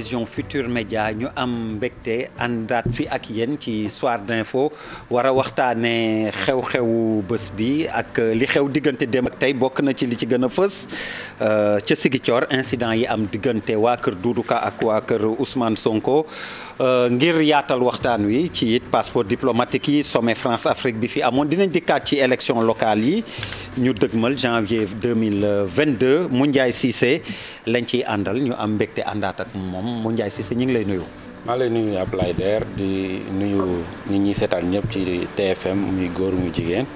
télévision Futur Média ñu am mbégte àndaat fi ak yéen ci soir d'info war a waxtaanee xew-xewu bés bi ak li xew diggante dem ak tey bokk na ci li ci gën a fës euh, ca Sigicoor incident yi am diggante waa kër Doudou ak waa kër Ousmane Sonko. Euh, ngir yaatal waxtaan wi ci it passeport diplomatique yi sommet France Afrique bi fi amoon dinañ dikkaat ci élection locale yi ñu dëgmal janvier 2022 mu Ndiaye Cissé lañ ciy àndal ñu am mbégte àndaat ak moom mu Ndiaye Cissé ñu ngi lay nuyu. maa lay nuyu Ablaye Der di nuyu nit ñi seetaan ñëpp ci TFM muy góor mu jigéen.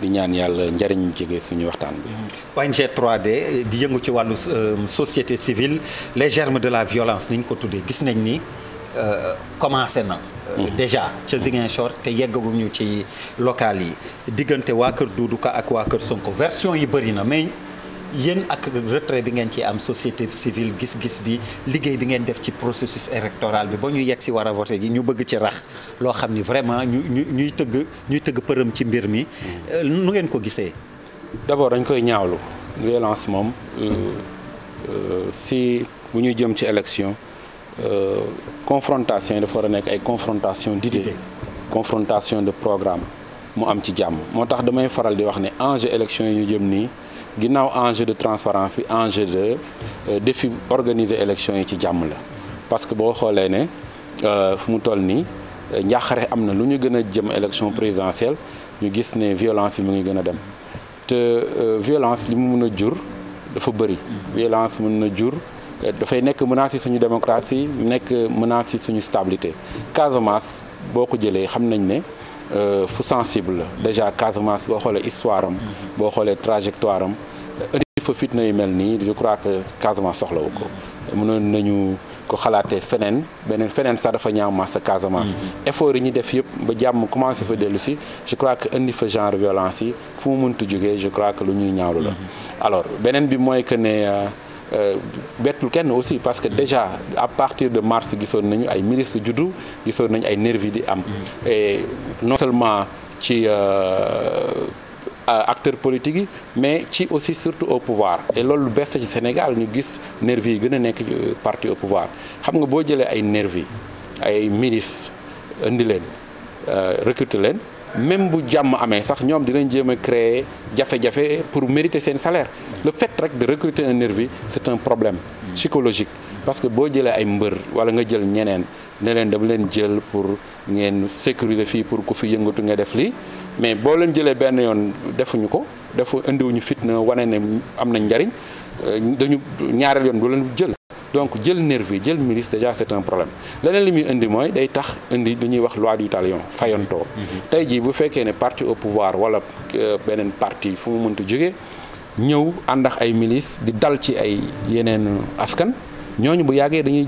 di ñaan yàlla njëriñ mu jege suñu waxtaan bi. ONG 3D di yëngu ci wàllu euh, société civile les germes de la violence ni ñu ko tuddee gis nañ ni. Euh, commencé na. Euh, mhm. déjà ca Ziguinchor te yeggaguñu ci local yi diggante waa kër Doudou Ka ak waa kër Sonko version yi bëri na mais yéen ak retrait bi ngeen ci am société civile gis-gis bi liggéey bi ngeen def ci processus électoral bi ba ñu yet si war a voté ji ñu bëgg ci rax loo xam ni vraiment ñu ñu ñuy tëgg ñuy tëgg përëm ci mbir mi mhm. euh, nu ngeen ko gisee. d'abord dañ koy ñaawlu violence moom si bu ñuy jëm ci élection. Euh, confrontation yi dafa war a nekk ay confrontation d'idées confrontation de programme mu am ci jàmm moo tax damay faral di wax ne enjeu élection yi ñu jëm nii ginnaaw enjeu de transparence bi enjeu de euh, défi organiser élection yi ci jàmm la parce que boo xoolee ne euh, fu mu toll nii njaaxare am na lu ñu gën a jëm élection présidentielle ñu gis ne violence yi mu ngi gën a dem te violence li mu mën a jur dafa bëri violence mën na jur dafay nekk menace yi suñu démocratie nekk menace yi suñu stabilité Casamance boo ko jëlee xam nañ ne euh, fu sensible déjà Casamance boo xoolee histoire am boo xoolee trajectoire am indi fa fitna yu mel nii je crois que Casamance soxlawu ko mënoon nañu ko xalaatee feneen beneen feneen sax dafa ñaaw masse Casamance. Mm-hmm. effort yi ñu def yëpp ba jàmm commencé fa dellu si je crois que indi fa genre violence yi fu mu mënti jógee je crois que lu ñuy ñaawlu la mm-hmm. alors beneen Euh, bettul kenn aussi parce que déjà à partir de mars gisoon nañu ay ministre juddu gisoon nañu ay nervi di am et non seulement ci euh, acteurs politiques yi mais ci aussi surtout au pouvoir et loolu bees ci Sénégal ñu gis nervi yi gën a nekk euh, parti au pouvoir xam nga boo jëlee ay nervi ay milice indi leen recruter leen même bu jàmm amee sax ñoom dinañ jéem a créer jafe-jafe pour mériter seen salaire le fait rek de recruter un nervi c'est un problème psychologique parce que boo jëlee ay mbër wala nga jël ñeneen ne leen dama leen jël pour ngeen sécurité fii pour ku fi yëngatu nga def lii mais boo leen jëlee benn yoon defuñu ko defu indiwuñu fitna wane ne am na njariñ euh, dañu ñaareel yoon du leen jël donc jël nervi jël milice déjà c'est un problème leneen li muy indi mooy day tax indi lu ñuy wax loi du talion fayantoo mhm. tey jii bu fekkee ne parti au pouvoir wala euh, beneen parti fu mu mënta jóge ñëw ànd ay milice di dal ci ay yeneen askan ñooñu bu yàggee dañuy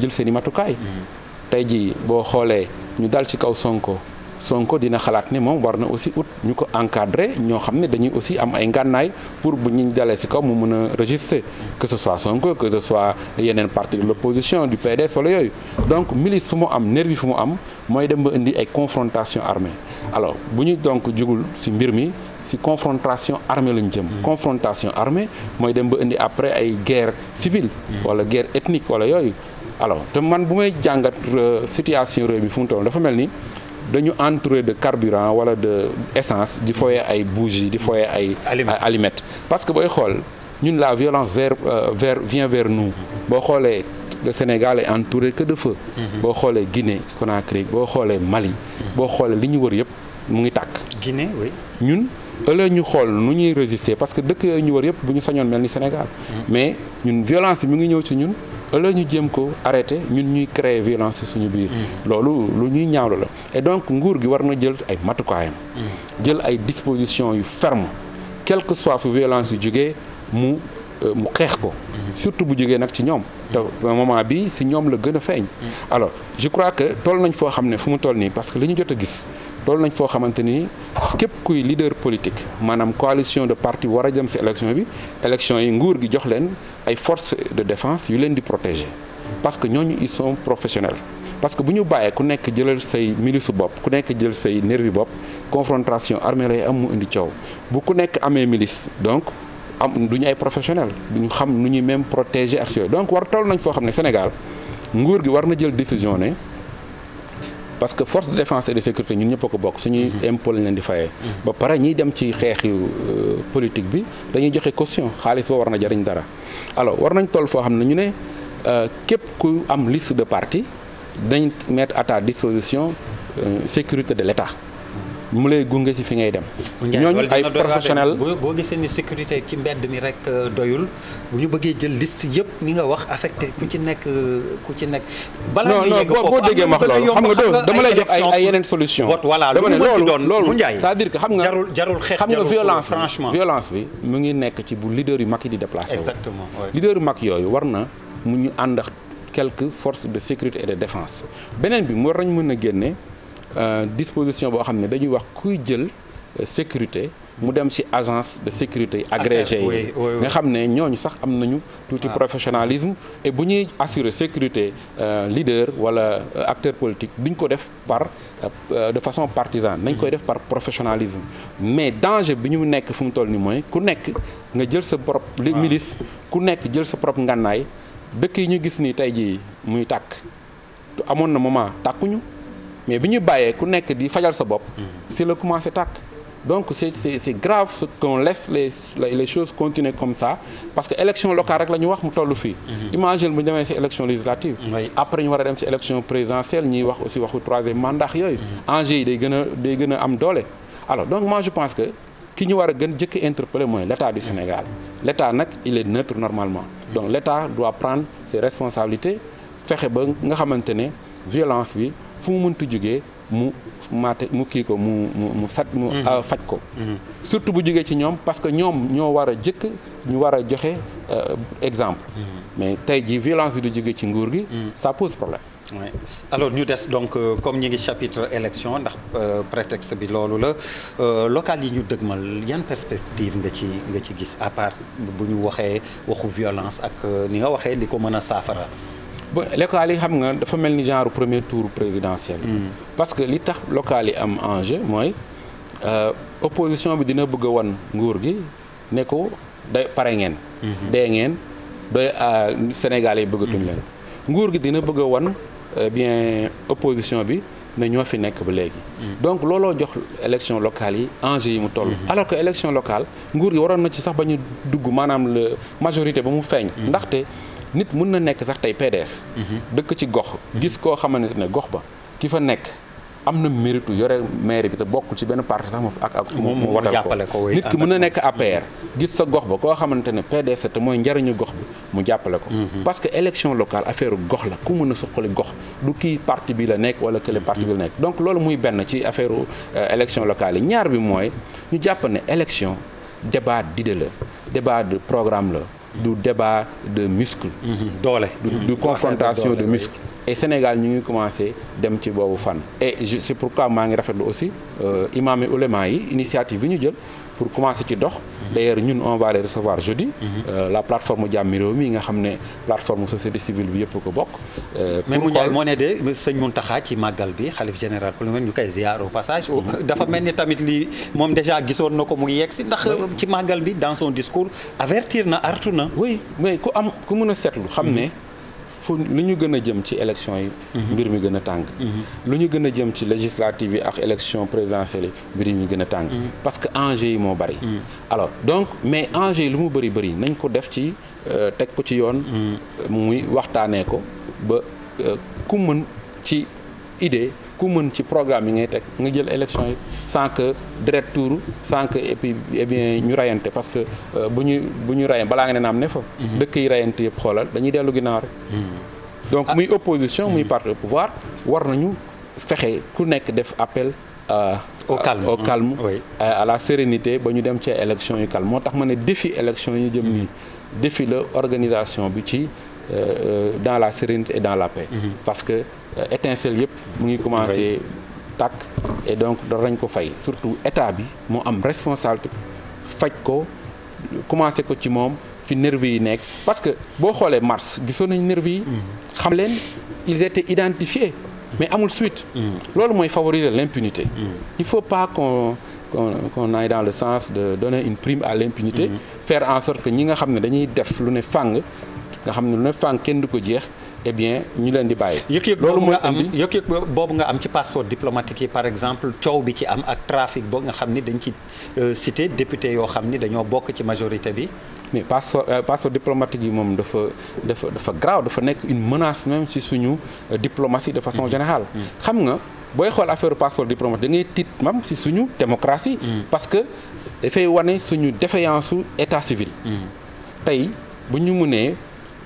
jël seen i matukaay mhm. tey jii boo xoolee ñu dal ci kaw Sonko Sonko dina xalaat ne moom war na aussi ut ñu ko encadré ñoo xam ne dañuy aussi am ay ngànnaay pour bu ñu dalee si kaw mu mën a registré que soit Sonko que soit yeneen partie de l'opposition du PDS wala yooyu donc milice fu mu am nervi fu mu am mooy dem ba indi ay confrontation armée alors bu ñuy donc jugul si mbir mi si confrontation armée la ñu jëm mm. confrontation armée mooy dem ba indi après ay guerre civile mm. wala guerre ethnique wala yooyu alors te man bu may jàngat euh, situation réew mi fu mu toll dafa mel ni dañu entouré de carburant wala de essence di foyee ay bougie di foyee ay allumettes parce que booy xool ñun la violence vers euh, vers vient vers nous boo xoolee le Sénégal est entouré de feu mhm. boo xoolee Guinée Conakry boo xoolee Mali mhm. boo xoolee li ñu wër yëpp mu ngi tàkk Guinée oui ñun ëllëg ñu xool nu ñuy résister parce que dëkk yooyu ñu wër yëpp bu ñu sañoon mel ni Sénégal mhm. mais ñun violence yi mu ngi ñëw ci ñun ëllëg ñu jéem ko arrêté ñun ñuy créer violence suñu biir. Mm. loolu lu ñuy ñaawlu la et nguur gi war na jël ay matukaayam. Mm. jël ay dispositions yu ferme quel que soit fu violence yu jógee mu euh, mu xeex ko. Mm. surtout bu jógee nag ci ñoom. te moment bi ci ñoom la gën a feeñ. alors je crois que tool nañ foo xam ne fu mu toll nii parce que li ñu jot a gis. loolu nañ foo xamante ni képp kuy leader politique maanaam coalition de parti war a jëm ci élection bi élection yi nguur gi jox leen ay force de défense yu leen di protéger parce que ñooñu ils sont professionnels parce que bu ñu bàyyee ku nekk jëlal say milice bopp ku nekk jël say nervi bopp confrontation armée lay am mu indi coow bu ku nekk amee milice donc am du ñu ay professionnels du ñu xam nu ñuy même protégé ak donc war toll nañ foo xam ne Sénégal nguur gi war na jël décision ne. parce que force de défense et de sécurité ñun ñëpp a ko bokk suñuy impôt leen di fayee. ba pare ñiy dem ci xeex yu euh, politique bi dañuy joxe costion xaalis ba war na jariñ dara alors war nañ toll foo xam ne ñu ne euh, képp ku am liste de parti dañ mettre à ta disposition euh, sécurité de l'État mu lay gunge ci fi ngay dem. ñooñu ay professionnel boo gisee ni sécurité ci mbedd mi rek euh, doyul bu ñu bëggee jël list yëpp ni nga wax affecté ku ci nekk euh, ku ci nekk. balaa ñuy yegg foofu boo déggee ma wax loolu xam nga dama lay jox ay ay yeneen solution. voilà lu mu mënti doon loolu c'est-à-dire xam nga jarul xeex xam nga violence franchement violence bi mu ngi nekk ci bu leader yu mag yi di déplacé. exactement leader yu mag yooyu war na mu ñu ànd ak quelques forces de sécurité et de défence beneen bi mu war nañ mën a génne Euh, disposition boo xam ne dañuy wax kuy jël euh, sécurité mu dem ci agence de sécurité agrégée yi nga xam ne ñooñu sax am nañu tuuti ah. professionnalisme et bu ñuy assurer sécurité euh, leader wala acteur politique buñ ko def par de façon partisane nañ koy mhm. def par professionnalisme mais danger bi ñu nekk fu mu toll ni mooy ku nekk nga jël sa propre milice ku nekk jël sa propre ngànnaay dëkk yi ñu gis ni tey jii muy tàkk amoon na moment tàkkuñu mais bi ñu bàyyee ku nekk di fajal sa bopp. si la commencé tàkk. donc c' est c' est, c' est grave ce qu' on laisse les comme ça parce que élection locale rek la ñu wax mu toll fi mhm. imagine bu ñu demee si élection législative. après ñu war a dem si élection présidentielle ñuy wax aussi waxu troisième mandat yooyu. Mhm. enjeu yi day gën a day gën a am doole. alors donc moi je pense que ki ñu war a gën jëkk interpeller mooy l' état du Sénégal l' nag il est neutre normalement. donc l' état doit prendre ses fexe ba nga xamante ne violence bi. fu mu mënti jógee mu maate mu kii ko mu mu mu mhm. euh, faj ko mhm. surtout bu jógee ci ñoom parce que ñoom ñoo war a jëkk ñu war a joxe euh, exemple mhm. mais tey jii violence du jógee ci nguur gi ça pose problème oui alors ñu des donc euh, comme ñi ngi chapitre élection ndax euh, prétexte bi loolu la euh, local yi ñu dëgmal yan perspective nga ci nga ci gis à part bu ñu waxee waxu violence ak ni nga waxee li ko mën a saafara locales yi xam nga dafa mel ni genre premier tour présidentiel. Hmm. parce que li tax locales yi am enjeu mooy euh, opposition bi dina bëgg wan nguur gi ne ko day pare ngeen. Hmm. dee ngeen doy euh, Sénégal yi bëggatuñ hmm. leen. nguur gi dina bëgg wan euh, bien opposition bi ne ñoo fi nekk ba léegi. donc looloo jox élection locale yi enjeu yi mu toll. alors que élection locale nguur gi waroon na ci sax ba ñu dugg maanaam la majorité ba mu feeñ. ndaxte. nit mun na nekk sax tey PDS. Mhm. dëkk ci gox. Mhm. gis koo xamante ne gox ba ki fa nekk. am na mérite yore maire bi te bokkul ci benn parti sax moom ak ak. mu watal ko nit ki mën na nekk APR. Mhm. gis sa gox ba koo xamante ne PDS te mooy njariñu gox bi mu jàppale ko. parce que élection locale affaire gox la ku mën a suqali gox du kii parti bi la nekk wala kële parti bi la nekk. donc loolu muy benn ci affaire euh, élection locale yi ñaar bi mooy ñu jàpp ne élection débat d'idée la débat de programme la. du débat de muscle. Mhm. doole du, du mhm. confrontation de muscle. et Sénégal ñu ngi commencé dem ci boobu fan. et c'est pourquoi maa ngi rafetlu aussi euh, imaam yi ulema yi initiative bi ñu jël. pour commencer ci dox d'ailleurs ñun on va les recevoir jeudi mhm. euh, la plateforme Jàmmi Réew mi nga xam ne plateforme société civile bi yëpp ko bokk euh, mais mu njaay moo ne de sëñ Muntaxa ci màggal bi xalif général ku ñu koy ziar au passage mhm. dafa mel ni tamit li moom déjà gisoon na ko mu ngi yegg si ndax ci màggal bi dans son discours avertir na artu na oui mais ku am ku mën a seetlu xam ne mhm. fu lu ñu gën a jëm ci élection yi mhm. mbir mi gën a tàng mhm. lu ñu gën a jëm ci législative yi ak élection présidentielle yi mbir mi gën a tàng mhm. parce que enjeu yi moo bari alors donc mais enjeu yi lu mu bëri bëri nañ ko def ci euh, teg ko ci yoon muy waxtaanee ko ba euh, ku mën ci idée ku mën ci programme yi ngay teg nga jël élection yi sans que direct tour sans que et puis et eh bien ñu rayante parce que euh, bu ñu bu ñu rayan balaa nga ne ne fa mhm. dëkk yi rayante yëpp xoolal dañuy dellu ginnaaw rek mhm. donc ah. muy opposition muy mhm. parti au pouvoir war nañu fexe ku nekk def appel euh, au calme au calme à la sérénité ba ñu dem ci élection yu calme moo tax ma ne défi élection yi jëm nii défi la organisation bi ci euh, dans la sérénité et dans la paix Euh, étincelle yépp mu ngi commencé takk et donc dara nañ ko fay surtout état bi moo am responsabilité faj ko commencé ko ci moom fi nervi yi nekk parce que boo xoolee mars gisoon nañ nervi yi mm-hmm. xam leen ils étaient identifiés mais amul suite mm-hmm. loolu mooy favoriser l'impunité mm-hmm. il faut pas qu'on qu'on aille dans le sens de donner une prime à l'impunité faire en sorte que ñi nga xam ne dañuy def lu ne fàng nga xam ne lu ne fàng kenn du ko jeex eh bien ñu leen di bàyyi. yëg-yëg boobu nga am yëg-yëg boobu am ci passeport diplomatique yi par exemple coow bi ci am ak trafic boo nga xam ni dañ ci euh, cité député yoo xam ni dañoo bokk ci majorité bi. mais passeport euh, passeport diplomatique yi moom dafa dafa dafa grave dafa nekk une menace même si suñu euh, diplomatie de façon mm-hmm. générale. Mm-hmm. xam nga booy xool affaire passeport diplomatique da ngay tiit même si suñu démocratie. Mm-hmm. parce que dafay wane suñu défaillance su état civil. tey bu ñu mënee.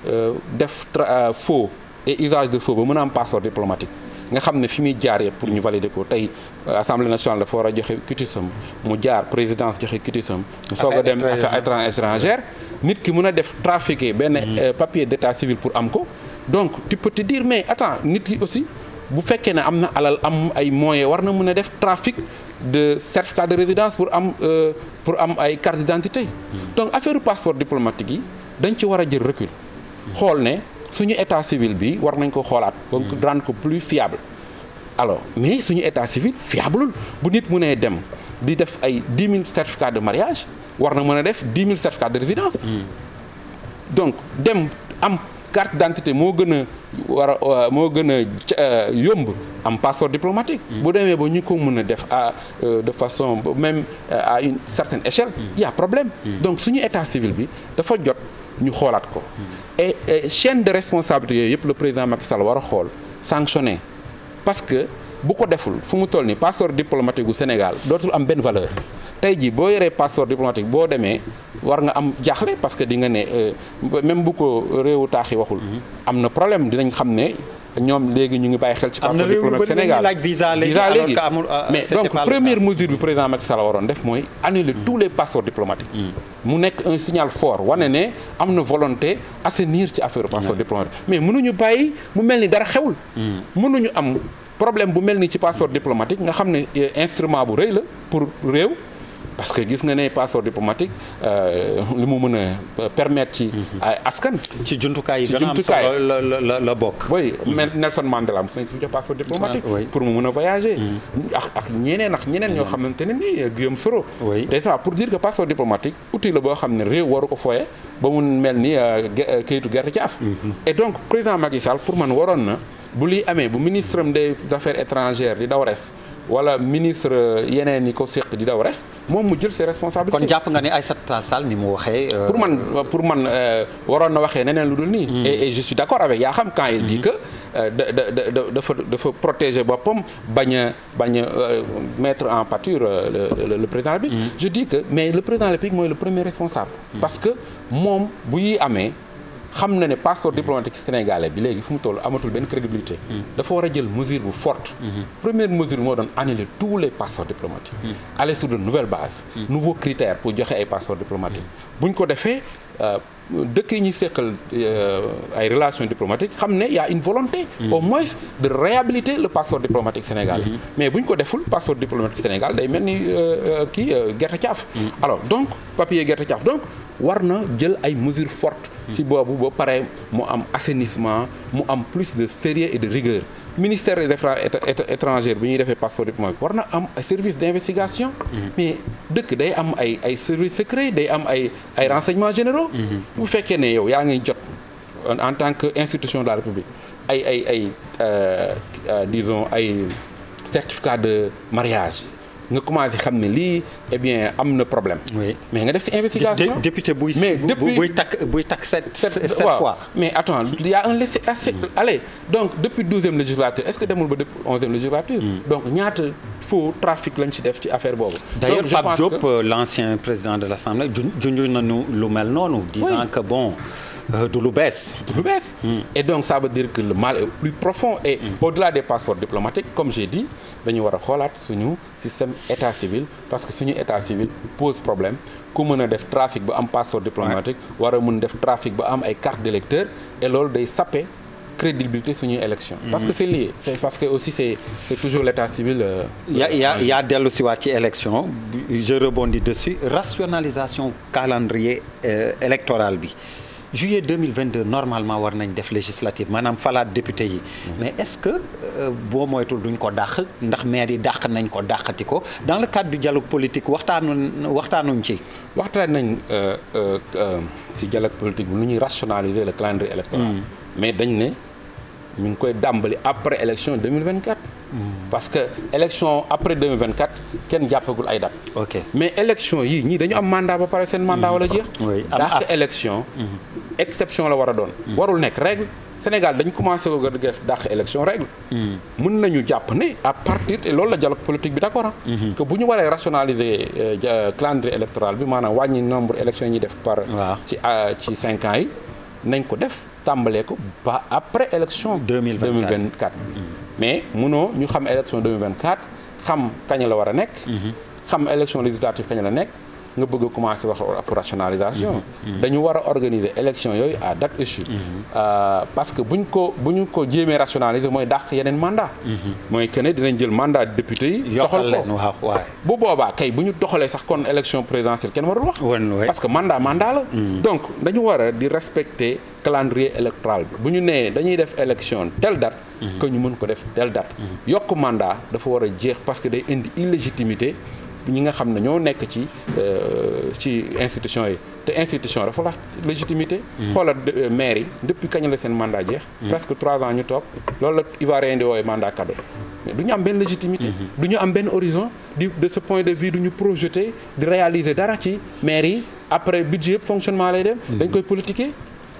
Euh, def euh, faux et usage de faux ba mën a am passeport diplomatique nga xam ne fi muy jaar yëpp pour ñu valider ko tey euh, assemblée nationale dafa war a joxe cutisam mu jaar présidence joxe cutisam mu soog a dem affaire étrangère nit ki mën a def trafiquer benn mm-hmm. papier d'état civil pour am ko donc tu peux te dire mais attends nit ki aussi bu fekkee ne am na alal am ay moyens war na mën a def trafic de certificat de résidence pour am pour am ay carte d'identité mm-hmm. donc affaire passeport diplomatique yi dañ ci war a jël recul xool ne suñu état civil bi war nañ ko xoolaat. donc hmm. rendre ko plus fiable. alors mais suñu état civil fiableul bu nit mu nee dem di def ay dix mille certificats de mariage war na mën a def dix mille certificats de résidence. Hmm. donc dem am carte dantité moo gën a war a euh, moo gën a euh, yomb am passeport diplomatique. Hmm. bu demee ba ñu ko mën a def à euh, de façon même à une certaine échelle. y problème. donc suñu état civil bi dafa jot. ñu xoolaat ko. et chaîne de responsabilité yooyu yëpp le président Macky Sall war a xool sanctionné parce que bu ko deful fu mu toll nii passeport diplomatique gu Sénégal dootul am benn valeur. tey jii boo yoree passeport diplomatique boo demee war nga am jaaxle parce que di nga ne euh, même bu ko réewu taax yi waxul. Mm-hmm. am na problème dinañ xam ne. ñoom léegi ñu ngi bàyyi xel ci passeport diplomate Sénégal visa léegi euh, mais donc première mesure bi président Macky Sall waroon def mooy annuler mm. tous les passeports diplomatiques mm. mu nekk un signal fort wane ne am na volonté assainir ci affaire passeport diplomatique mais mënuñu bàyyi mu mel ni dara xewul mm. ñu am problème bu mel ni ci passeport diplomatique nga xam ne euh, instrument bu rëy la pour réew parce que gis nga ne passeport diplomatique euh, lu mu mën a euh, permettre ci mhm. askan. ci juntukaay yi gën a solo la bokk. oui mhm. Nelson Mandela mos nañu ko jox diplomatique. Ah, pour mu mën a voyager. Mhm. ak ak ñeneen ak ñeneen ñoo xamante ne nii Guillaume Soro. oui déjà pour dire que passeport diplomatique outil la boo xam ne réew waru ko fooye ba mu mel ni euh, kayitu gerte caaf. et donc président Macky Sall pour man waroon na bu liy amee bu ministre des affaires étrangères di Dawres. wala ministre euh, yeneen yi ko séq di daw res moom mu jël ses responsabilités. kon jàpp nga ni Aïssata Tall ni mu waxee. Euh, pour man euh, pour man waroon na waxee neneen lu dul nii. Mm. et je suis d'accord avec yaa xam quand il dit mm-hmm. que dafa dafa protéger boppam bañ a bañ a mettre en pâture le le président de la République. Mm. je di que mais le président de mooy le premier responsable. Mm. parce que moom bu yi amee. xam na ne passeport diplomatique sénégalais bi léegi fu mu toll amatul benn crédibilité. Mm-hmm. dafa war a jël mesure bu fort mm-hmm. première mesure moo doon annuler tous les passeports diplomatiques. Mm-hmm. aller sur de nouvelles bases. nouveaux critères pour joxe ay passeports diplomatiques. buñ ko defee euh, dëkk yi ñuy seqal euh, ay relations diplomatiques xam ne y a une volonté. au moins de réhabiliter le passeport diplomatique sénégalais. mais buñ ko deful passeport diplomatique sénégal day mel ni euh, kii gerte caaf. alors donc papier gerte caaf war na jël ay mesures fort si boobu ba pare mu am assainissement mu am plus de sérieux et de rigueur ministère des affaires étrangères bi ñuy defee passeport diplomatique war na am service d'investigation mm-hmm. mais dëkk day am ay ay service secret day am ay ay renseignements généraux mm-hmm. bu fekkee ne yow yaa ngi jot en tant que institution de la République ay ay ay euh, euh, disons ay certificat de mariage nga commencé xam ne lii eh bien am na problème. oui mais nga def ci investigation gis député buy mais depuis buy takk buy fois. mais attends il y a un laisser assez. Mm. allez donc depuis douzième législature est-ce que demul ba depuis onzième législature. Mm. donc ñaata faux trafic lañ ci def ci affaire boobu. d'ailleurs Pape Diop euh, l'ancien président de l'Assemblée junj nañu lu mel noonu. disant que bon. Euh, du lu bees. du lu bees. Mm. et donc ça veut dire que le mal est plus profond et. Mm. au-delà des passeports diplomatiques comme j'ai dañu war a xoolaat suñu système état civil parce que suñu état civil pose problème ku mën a def trafic ba am passeport diplomatique war a mën def trafic ba am ay carte d'électeur et loolu day sappe crédibilité suñu élection mm-hmm. parce que c'est lié c'est parce que aussi c'est toujours l'état civil ya yaa yaa dellu si waat ci élection je rebondis dessus rationalisation calendrier euh, électoral bi juillet 2022 normalement war nañ def législative maanaam falaat député yi mais est-ce que euh, boo moytul duñ ko dàq ndax maire yi dàq nañ ko dàqati ko dans le cadre du dialogue politique waxtaanu waxtaanuñ ci waxtaan nañ euh, euh, ci dialogue politique bu lu ñuy rationaliser le calendrier électoral mm. mais dañ ne ñu ngi koy dàmbali après élection 2024 mm. parce que élection après 2024 kenn jàppagul ay date ok mais élection yi ñii dañu am mandat ba pare seen mandat mm. wala jeex oui élection exception la war a doon. Hmm. warul nekk règle Sénégal dañ commencé ko def dàq élection règle. mun hmm. nañu jàpp ne à partir loolu la dialogue politique bi d' accord hmm. que bu ñu waree rationaliser euh, euh, calendrier électoral bi maanaam wàññi nombre élection yi ñuy def par. ci euh, ci cinq ans yi nañ ko def tàmbalee ko ba après élection. 2024 mais munoo ñu xam élection 2024 xam kañ la war a nekk. xam élection législative kañ la nekk. nga bëgg a commencé wax ab rationalisation. Mm-hmm. dañu war a organiser élection yooyu à date échue. Mm-hmm. Euh, parce que buñ ko bu ñu ko jéemee rationaliser mooy dàq yeneen mandat mm-hmm. mooy que ne dinañ jël mandat député yi. doxal ko bu boobaa kay bu ñu doxalee sax kon élection présidentielle kenn warul wax. parce que mandat mandat la. donc dañu war a di respecter calendrier électoral bi bu ñu nee dañuy def élection tel date. que ñu mën ko def tel date. yokk mandat dafa war a jeex parce que day indi illégitimité. ñi nga xam ne ñoo nekk ci euh, ci institution yi te institution dafa lax légitimité. Mm. xoolal euh, maire yi depuis kañ la seen mandat jeex. Mm. presque trois ans ñu toog loolu la Ivoirien di woowee mandat cadet. mais du ñu am benn légitimité. Mm-hmm. du ñu am benn horizon di de ce point de vue du ñu projeter di réaliser dara ci maire yi après budget yëpp fonctionnement lay de mm-hmm. dañ koy politiquer.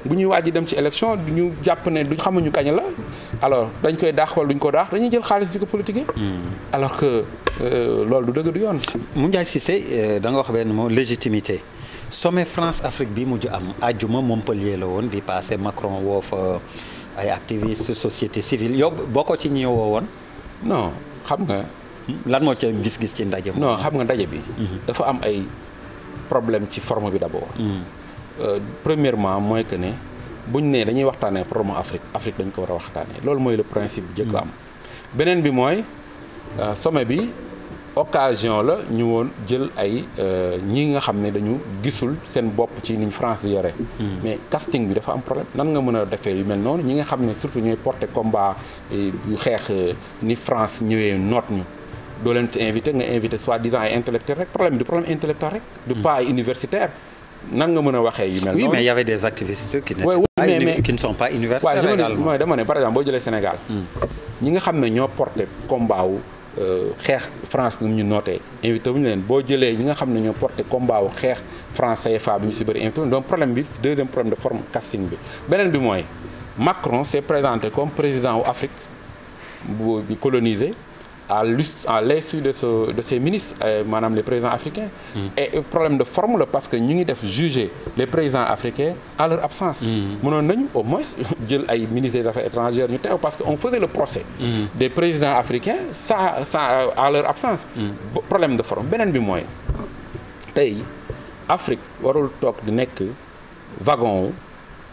bu ñuy waaj dem ci élection ñu jàpp ne du xamuñu kañ la alors dañ koy daax wala duñ ko daax dañuy jël xaalis di ko politiquer. Hmm. alors que euh, loolu du dëgg du yoon. Moundiaye Cissé euh, da nga wax benn moom légitimité sommet France Afrique bi mujj am àjjuma Montpellier la woon bi passé Macron woo euh, ay activistes société civile yow boo ko ci ñi woon. non xam nga. lan moo ca gis-gis ci ndaje. non xam nga ndaje bi. Hmm. dafa am ay problème ci forme bi d'abord. Hmm. Euh, premièrement mooy que ne buñ nee dañuy waxtaanee problème Afrique Afrique dañ ko war a waxtaanee loolu mooy le principe bu jëkk am. Hmm. beneen bi mooy euh, sommet bi occasion la ñu woon jël ay euh, ñi nga xam ne dañu gisul seen bopp ci niñ France di yore. Hmm. mais casting bi dafa am problème nan nga mën a defee yu mel noonu ñi nga xam ne surtout ñooy porter combat yu xeex ni France ñëwee noot ñu. doo leen ci invité nga invité soi-disant ay intellectuel rek problème du problème intellectuel rek. du hmm. nan nga mën a waxee yu mel noonu. mais il des activistes qui n'étaient pas qui ne sont pas universitaires également dama ne par exemple boo jëlee Sénégal. Hmm. ñi nga xam ne ñoo porté combat wu euh, xeex France nu ñu nootee invité wuñu leen boo jëlee ñi nga xam ne ñoo porté combat wu xeex France CFA bi ñu si bëri invité problème bi deuxième problème de forme casting bi beneen bi mooy Macron s'est présenté comme président wu Afrique bu colonisé. à l'insu de ce de ces ministres euh, maanaam les présidents africains mm. et problème de forme la parce que ñu ngi def juger les présidents africains à leur absence mm. mënoon nañu au moins jël ay ministres des affaires étrangères ñu teew parce que on faisait le procès mm. des présidents africains ça ça euh, à leur absence problème de forme beneen bi mooy tey Afrique warul toog di nekk wagon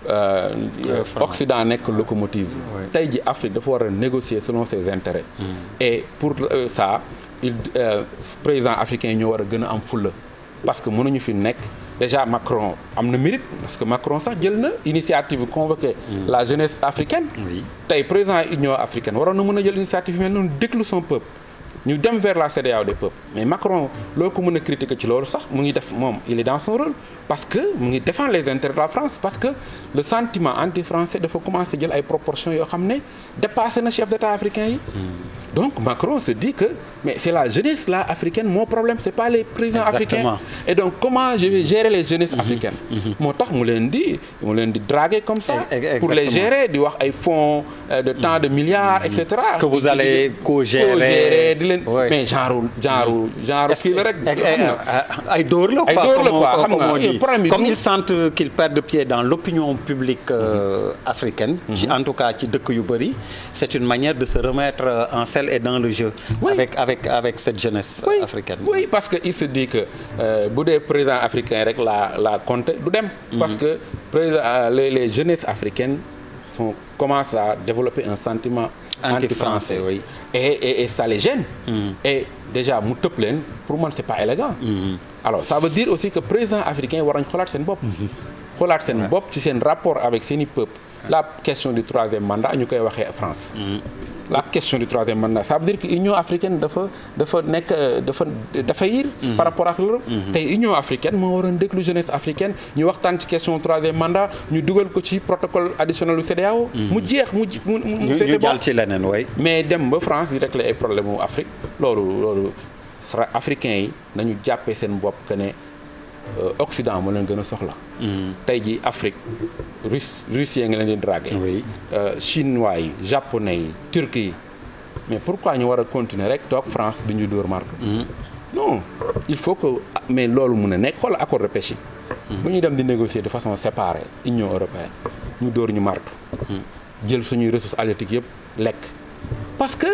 Euh, euh, Occident nekk locomotive tey ji Afrique dafa war a négocier selon ses intérêts hmm. et pour euh, ça il président africain ñoo war a gën a am fulla parce que mënuñu fi nekk déjà Macron am na mérite parce que Macron sax jël na initiative convoquer hmm. la jeunesse africaine tey président Union africaine waroon na mën a jël initiative mel noonu déglu son peuple ñu dem vers la CEDEAO des peuples mais Macron loo ko mën a critiquer ci loolu sax mu ngi def moom il est dans son rôle parce que mu ngi défendre les intérêts de la France parce que le sentiment anti-français dafa commencer jël ay proportions yoo xam ne dépassé na chef d'État africain yi. Mm. donc Macron se dit que c'est la jeunesse là africaine mon problème c'est pas les présidents africains et donc comment je vais gérer les jeunesses mm-hmm. africaines mm-hmm. moo leen. mais genre genre genre. kii ay dóor la. ay dóor la quoi xam nga comme ils sentent qu'ils perdent pied dans l'opinion publique euh, mhm. africaine. ci mhm. en tout cas ci dëkk yu bëri. c'est une manière de se remettre en selle et dans le jeu. avec avec avec cette jeunesse africaine. oui parce que il se dit que euh, bu dee président africain rek la la compter du dem. Mhm. parce que euh, les les jeunesses africaines sont commencent à développer un sentiment. anti-français oui. et et et ça les gêne. Mm. et déjà mu tëb leen pour man c'est pas élégant. Mm-hmm. alors ça veut dire aussi que président africain war nañ xolaat seen bopp. Mm-hmm. xoolaat seen bopp ci seen rapport avec seeni i peuple la question du troisième mandat ñu koy waxee France mm. la question du troisième mandat ça veut dire que Union africaine dafa dafa nekk euh, dafa dafa yir mm-hmm. par rapport ak l'Europe mm-hmm. tey Union africaine moo waroon déglu jeunesse africaine ñu waxtaan ci question troisième mandat ñu dugal ko ci protocole additionnel u CEDEAO mm-hmm. mu jeex mu mu ñu jàll ci leneen way mais dem ba France di régler ay problème u Afrique loolu loolu africains yi nañu jàppee seen bopp que ne Euh, Occident moo leen gën a soxla. Mm-hmm. tey jii Afrique russe russien nga leen di dragué. oui euh, chinois yi japonais yi turcs yi mais pourquoi ñu war a continuer rek toog France di ñu dóor marque. Mm-hmm. il faut que ah, mais loolu mun a nekk xool accord de pêche yi. Mm-hmm. bu dem di négocier de façon séparée Union européenne ñu dóor ñu marque. jël suñuy ressources halieutiques yëpp lekk parce que.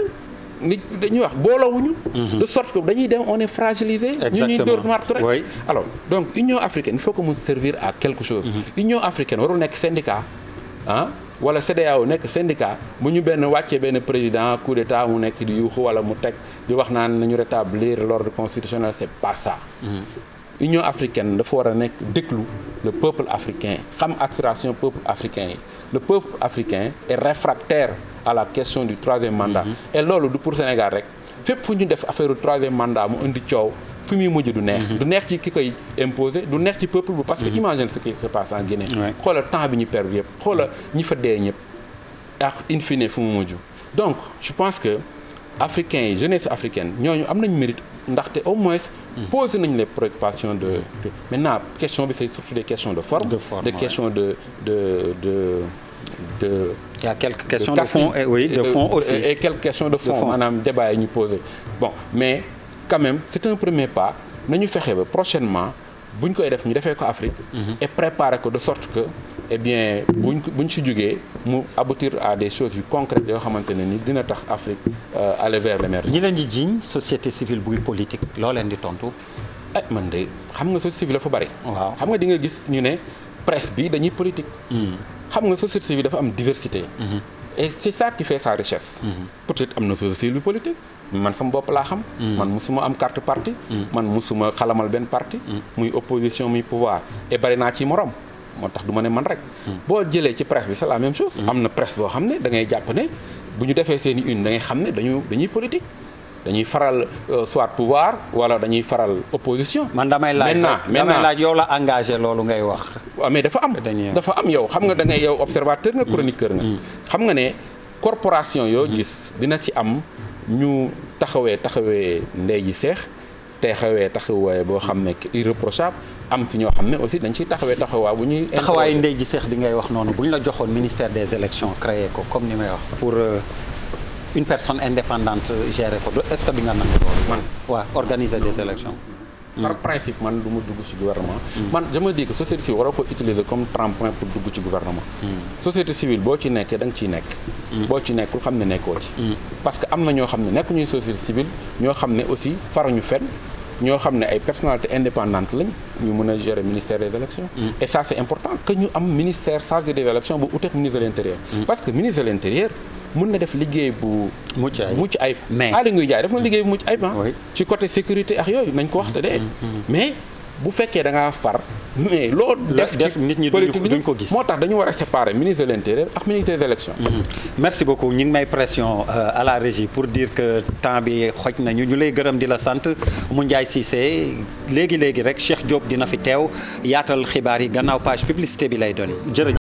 nit dañuy wax booloowuñu mhm. de sorte que dañuy dem on est fragilisé ñu ñuy dóor martu rek alors donc union africaine il faut que mu servir à quelque chose mhm. nekk syndicat ah wala CEDEAO nekk syndicat bu ñu benn wàccee benn président coup d'état mu nekk di yuuxu wala mu teg di wax naan nañu rétablir l'ordre constitutionnel c'est pas ça mhm. Union africaine dafa war a nekk déglu le peuple africain xam aspiration peuple africain yi le peuple africain est réfractaire à question du troisième mandat. Mhm. et loolu du pour Sénégal rek fépp fu ñu def affaire troisième mandat mu indi coow. fu muy mujj du neex mhm. du neex ci ki koy imposer du neex ci peuple bu parce que mhm. imagine ce qui se passe en Guinée xoola temps bi ñu perdre yëpp xoola ñi fa dee ñëpp ak in fine fu mu mujj donc je pense que africains yi jeunesse africaine ñooñu am nañ mérite ndaxte au moins posé nañ les préoccupations de, de maintenant question bi c'est surtout des questions de forme de, forme, de de de Il y a quelques questions de, de fond et, oui, de fond aussi. de fond maanaam débat yi ñu posé bon mais quand même c'est un premier pas nañu fexe ba prochainement bu ñu koy def ñu defee ko Afrique. Mhm. et préparer ko de sorte que eh bien bu ñu si jugee mu aboutir à des choses yu concrètes yoo xamante ne ni dina tax Afrique euh, aller vers l'émergence. ñi leen di jiiñ société civile buy politique loo leen di tontu. ah man de xam nga société civile fa bari. xam nga di gis ñu ne presse xam nga société bi dafa am diversité. Mhm. et c' est mhm. peut-être am na société civile politique. man sama bopp laa xam. Mhm. man musuma am carte parti. man musuma xalamal benn parti. muy opposition muy pouvoir. et bari naa ci morom. moo tax du ma ne man rek. boo jëlee ci presse bi c' est même chose. am na presse boo xam ne da ngay jàpp ne bu ñu defee seen une da ngay xam ne dañu dañuy politique. dañuy faral euh, soit pouvoir wala dañuy faral opposition. man damay laaj damay laaj yow la engagé loolu ngay wax. waaw ah, mais dafa am dafa am yow xam nga da ngay yow observateur nga mm. chroniqueur nga. Mm. xam nga ne corporation yoo mm. gis dina ci am ñu taxawee taxawee ndey ji seex taxawee taxawaay boo xam ne irréprochable am ci ñoo xam ne aussi dañ ciy taxawee taxawaay bu ñuy. taxawaayu ndey ji seex bi ngay wax noonu bu ñu la joxoon ministère des élections créé ko comme ni may wax pour. Euh, une personne indépendante gérer ko est-ce que di nangu loolu. man waaw organiser des élections. Hmm. par principe man du ma dugg ci gouvernement. Hmm. man je me dis que société civile ko utiliser comme tremplin pour dugg ci gouvernement. Hmm. société civile boo ci nekkee danga ci nekk. boo ci nekkul xam ne nekkoo ci. parce que am na ñoo xam ne nekk ñuy société civile ñoo xam ne aussi faruñu fenn. ñoo xam ne ay personnalité indépendante lañ ñu mën a gérer ministère des élections et ça c'est important que ñu am ministère chargé des élections bu uteek ministre de l'intérieur parce que ministre de mun na def liggéey bu. mucc ayib mucc mais Aly Ngouille Ndiaye def na liggéey bu mucc ayib ah. ci côté sécurité ak yooyu nañ ko wax te de. Mm, mm, mm. mais bu fekkee da ngaa far. mais loo def def nit ñi duñ ko gis moo tax dañu war a séparer ministre de l'intérieur ak ministre des merci beaucoup ñu ngi may pression euh, à la régi pour dire que temps bi xoj nañu ñu lay gërëm di la sant mu Ndiaye Cissé léegi léegi rek Cheikh Diop dina fi teew yaatal xibaar yi gannaaw page publicité bi lay doon jërëjëf